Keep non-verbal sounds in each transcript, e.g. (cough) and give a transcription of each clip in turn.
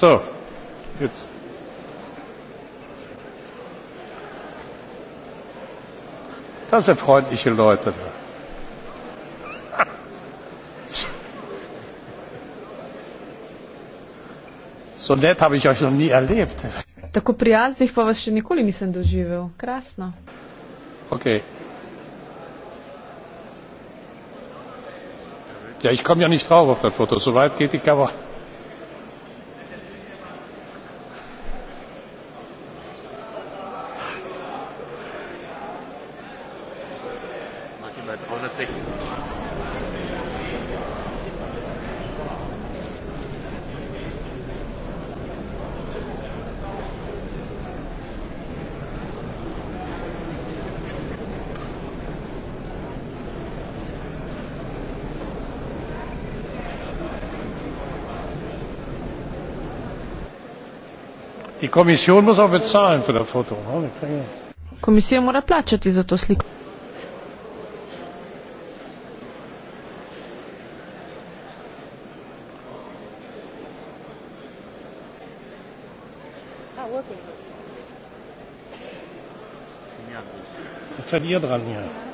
so it is das sind freundliche leute da (laughs) so nett habe ich euch noch nie erlebt tako prijaznih pa vas še nikoli nisem doživel krasno ok Ja, ich komme ja nicht drauf auf das Foto. So weit geht die Kamera. über 360. Komisija mora plačati za to sliko. working. It's an eardrum here. Yeah.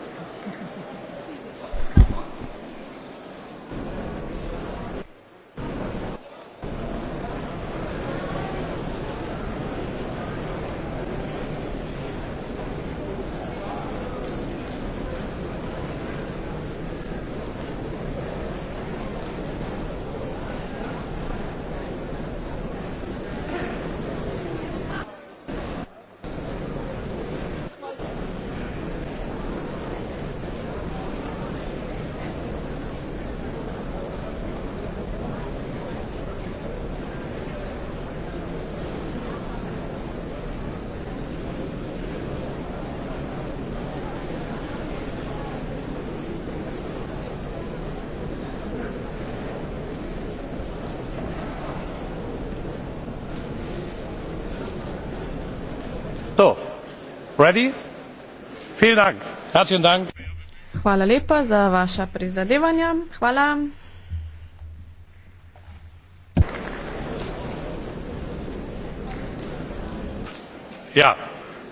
Hvala lepa za vaša prizadevanja. Hvala. Ja.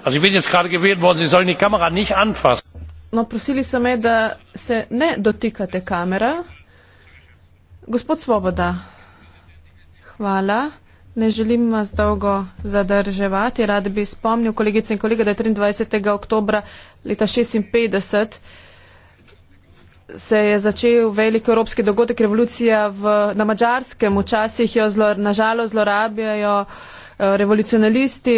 Also ich bin jetzt gerade gewählt worden, Sie sollen die Kamera nicht anfassen. No, prosili so me, da se ne dotikate kamera. Gospod Svoboda, hvala. Ne želim vas dolgo zadrževati. Rad bi spomnil kolegice in kolege, da je 23. oktober leta 56 se je začel velik evropski dogodek revolucija v, na Mačarskem. Včasih jo zlo, nažalost zlorabljajo eh, revolucionalisti.